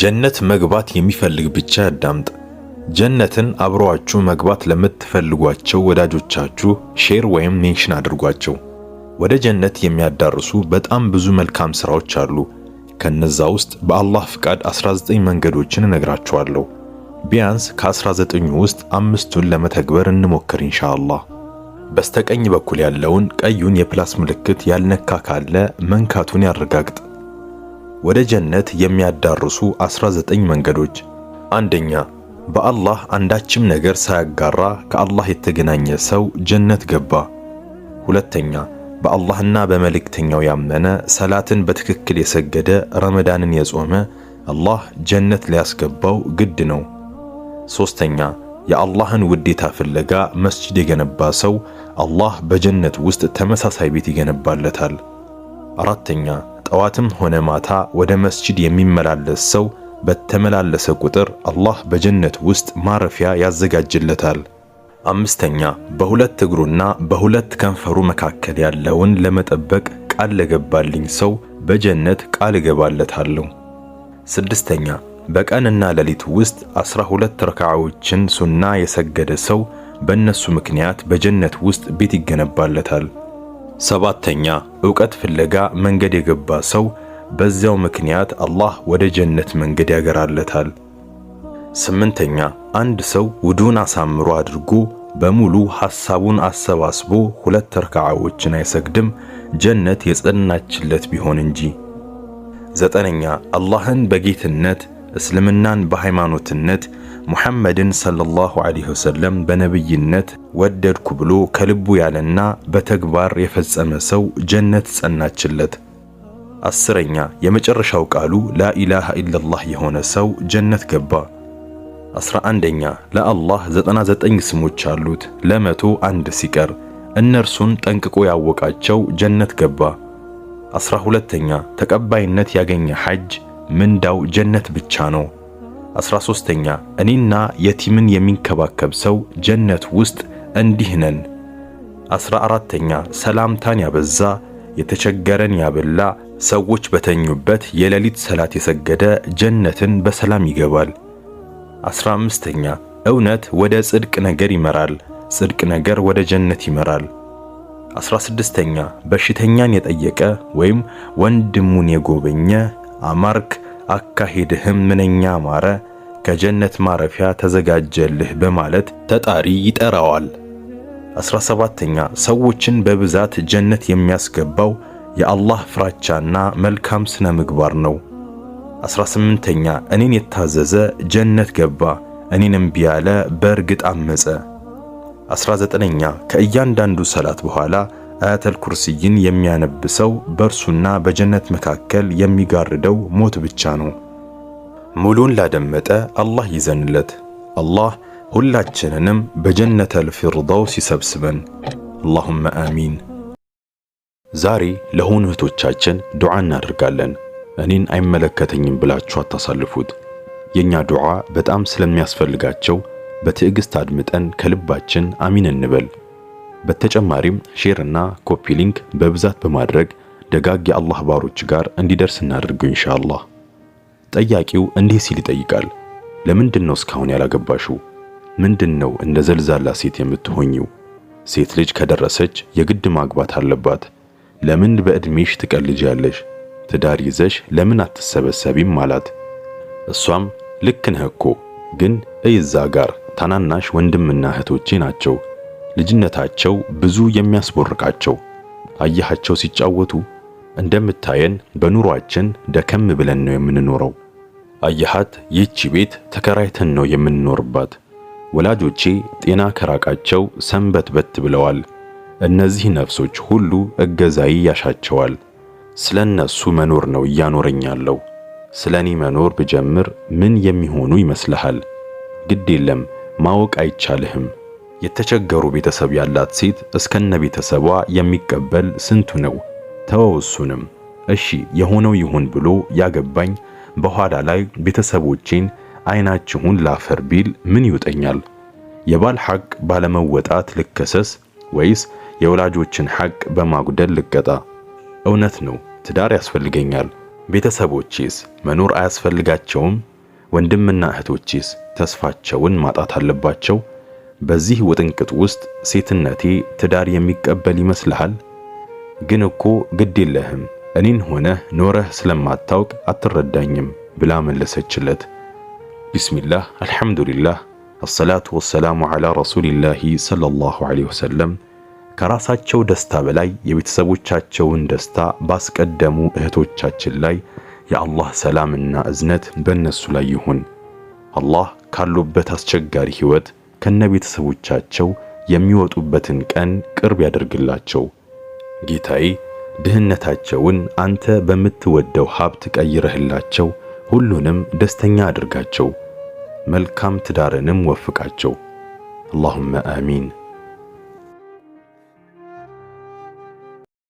ጀነት መግባት የሚፈልግ ብቻ ያዳምጥ። ጀነትን አብረዋችሁ መግባት ለምትፈልጓቸው ወዳጆቻችሁ ሼር ወይም ሜንሽን አድርጓቸው። ወደ ጀነት የሚያዳርሱ በጣም ብዙ መልካም ስራዎች አሉ። ከነዛ ውስጥ በአላህ ፍቃድ 19 መንገዶችን እነግራችኋለሁ። ቢያንስ ከ19ኙ ውስጥ አምስቱን ለመተግበር እንሞክር ኢንሻአላህ። በስተቀኝ በኩል ያለውን ቀዩን የፕላስ ምልክት ያልነካ ካለ መንካቱን ያረጋግጥ። ወደ ጀነት የሚያዳርሱ 19 መንገዶች። አንደኛ በአላህ አንዳችም ነገር ሳያጋራ ከአላህ የተገናኘ ሰው ጀነት ገባ። ሁለተኛ በአላህና በመልእክተኛው ያመነ ሰላትን በትክክል የሰገደ ረመዳንን የጾመ አላህ ጀነት ሊያስገባው ግድ ነው። ሶስተኛ የአላህን ውዴታ ፍለጋ መስጂድ የገነባ ሰው አላህ በጀነት ውስጥ ተመሳሳይ ቤት ይገነባለታል። አራተኛ ጠዋትም ሆነ ማታ ወደ መስጂድ የሚመላለስ ሰው በተመላለሰ ቁጥር አላህ በጀነት ውስጥ ማረፊያ ያዘጋጅለታል። አምስተኛ በሁለት እግሩና በሁለት ከንፈሩ መካከል ያለውን ለመጠበቅ ቃል ለገባልኝ ሰው በጀነት ቃል እገባለታለሁ። ስድስተኛ በቀንና ሌሊት ውስጥ አስራ ሁለት ረካዓዎችን ሱና የሰገደ ሰው በእነሱ ምክንያት በጀነት ውስጥ ቤት ይገነባለታል። ሰባተኛ ዕውቀት ፍለጋ መንገድ የገባ ሰው በዚያው ምክንያት አላህ ወደ ጀነት መንገድ ያገራለታል። ስምንተኛ አንድ ሰው ውዱን አሳምሮ አድርጎ በሙሉ ሐሳቡን አሰባስቦ ሁለት ረክዓዎችን አይሰግድም ጀነት የጸናችለት ቢሆን እንጂ። ዘጠነኛ አላህን በጌትነት እስልምናን በሃይማኖትነት ሙሐመድን ሰለላሁ ዐለይሂ ወሰለም በነብይነት ወደድኩ ብሎ ከልቡ ያለና በተግባር የፈጸመ ሰው ጀነት ጸናችለት። አስረኛ የመጨረሻው ቃሉ ላኢላሃ ኢለላህ የሆነ ሰው ጀነት ገባ። አስራ አንደኛ ለአላህ ዘጠና ዘጠኝ ስሞች አሉት ለመቶ አንድ ሲቀር እነርሱን ጠንቅቆ ያወቃቸው ጀነት ገባ። አስራ ሁለተኛ ተቀባይነት ያገኘ ሐጅ ምንዳው ጀነት ብቻ ነው። 13ኛ እኔና የቲምን የሚንከባከብ ሰው ጀነት ውስጥ እንዲህ ነን። 14ኛ ሰላምታን ያበዛ የተቸገረን ያበላ ሰዎች በተኙበት የሌሊት ሰላት የሰገደ ጀነትን በሰላም ይገባል። 15ኛ እውነት ወደ ጽድቅ ነገር ይመራል፣ ጽድቅ ነገር ወደ ጀነት ይመራል። 16ኛ በሽተኛን የጠየቀ ወይም ወንድሙን የጎበኘ አማርክ አካሄድህም ምንኛ ማረ፣ ከጀነት ማረፊያ ተዘጋጀልህ በማለት ተጣሪ ይጠራዋል። 17ኛ ሰዎችን በብዛት ጀነት የሚያስገባው የአላህ ፍራቻና መልካም ስነ ምግባር ነው። 18 18ኛ እኔን የታዘዘ ጀነት ገባ፣ እኔን እምቢ ያለ በእርግጥ አመፀ። 19 19ኛ ከእያንዳንዱ ሰላት በኋላ አያተል ኩርስይን የሚያነብ ሰው በእርሱና በጀነት መካከል የሚጋርደው ሞት ብቻ ነው። ሙሉን ላደመጠ አላህ ይዘንለት። አላህ ሁላችንንም በጀነተል ፊርዳውስ ይሰብስበን። አላሁመ አሚን። ዛሬ ለሆኑ እህቶቻችን ዱዓ እናደርጋለን። እኔን አይመለከተኝም ብላችሁ አታሳልፉት። የኛ ዱዓ በጣም ስለሚያስፈልጋቸው በትዕግስት አድምጠን ከልባችን አሚን እንበል። በተጨማሪም ሼር እና ኮፒ ሊንክ በብዛት በማድረግ ደጋግ የአላህ ባሮች ጋር እንዲደርስ እናደርገው ኢንሻአላህ። ጠያቂው እንዲህ ሲል ይጠይቃል፣ ለምንድን ነው እስካሁን ያላገባሽው? ምንድን ነው እንደ ዘልዛላ ሴት የምትሆኚው? ሴት ልጅ ከደረሰች የግድ ማግባት አለባት። ለምን በእድሜሽ ትቀልጃለሽ? ትዳር ይዘሽ ለምን አትሰበሰቢም? አላት። እሷም ልክ ነህ እኮ ግን እይዛ ጋር ታናናሽ ወንድምና እህቶቼ ናቸው ልጅነታቸው ብዙ የሚያስቦርቃቸው አየሃቸው ሲጫወቱ እንደምታየን በኑሯችን ደከም ብለን ነው የምንኖረው። አየሃት ይህቺ ቤት ተከራይተን ነው የምንኖርባት። ወላጆቼ ጤና ከራቃቸው ሰንበት በት ብለዋል። እነዚህ ነፍሶች ሁሉ እገዛይ ያሻቸዋል። ስለ እነሱ መኖር ነው እያኖረኛለሁ። ስለ እኔ መኖር ብጀምር ምን የሚሆኑ ይመስልሃል? ግድ የለም ማወቅ አይቻልህም። የተቸገሩ ቤተሰብ ያላት ሴት እስከነ ቤተሰቧ የሚቀበል ስንቱ ነው? ተወው እሱንም። እሺ የሆነው ይሁን ብሎ ያገባኝ በኋላ ላይ ቤተሰቦቼን አይናችሁን ላፈር ቢል ምን ይውጠኛል? የባል ሐቅ ባለመወጣት ልከሰስ ወይስ የወላጆችን ሐቅ በማጉደል ልቀጣ? እውነት ነው፣ ትዳር ያስፈልገኛል። ቤተሰቦቼስ መኖር አያስፈልጋቸውም? ወንድምና እህቶቼስ ተስፋቸውን ማጣት አለባቸው? በዚህ ውጥንቅጥ ውስጥ ሴትነቴ ትዳር የሚቀበል ይመስልሃል? ግን እኮ ግድ የለህም እኔን ሆነህ ኖረህ ስለማታውቅ አትረዳኝም ብላ መለሰችለት። ቢስሚላህ አልሐምዱሊላህ አሰላቱ ወሰላሙ ዓላ ረሱሊላሂ ሰለላሁ ዐለይሂ ወሰለም። ከራሳቸው ደስታ በላይ የቤተሰቦቻቸውን ደስታ ባስቀደሙ እህቶቻችን ላይ የአላህ ሰላምና እዝነት በእነሱ ላይ ይሁን። አላህ ካሉበት አስቸጋሪ ሕይወት ቤተሰቦቻቸው የሚወጡበትን ቀን ቅርብ ያደርግላቸው። ጌታዬ ድህነታቸውን አንተ በምትወደው ሀብት ቀይረህላቸው ሁሉንም ደስተኛ አድርጋቸው፣ መልካም ትዳርንም ወፍቃቸው። አላሁመ አሚን።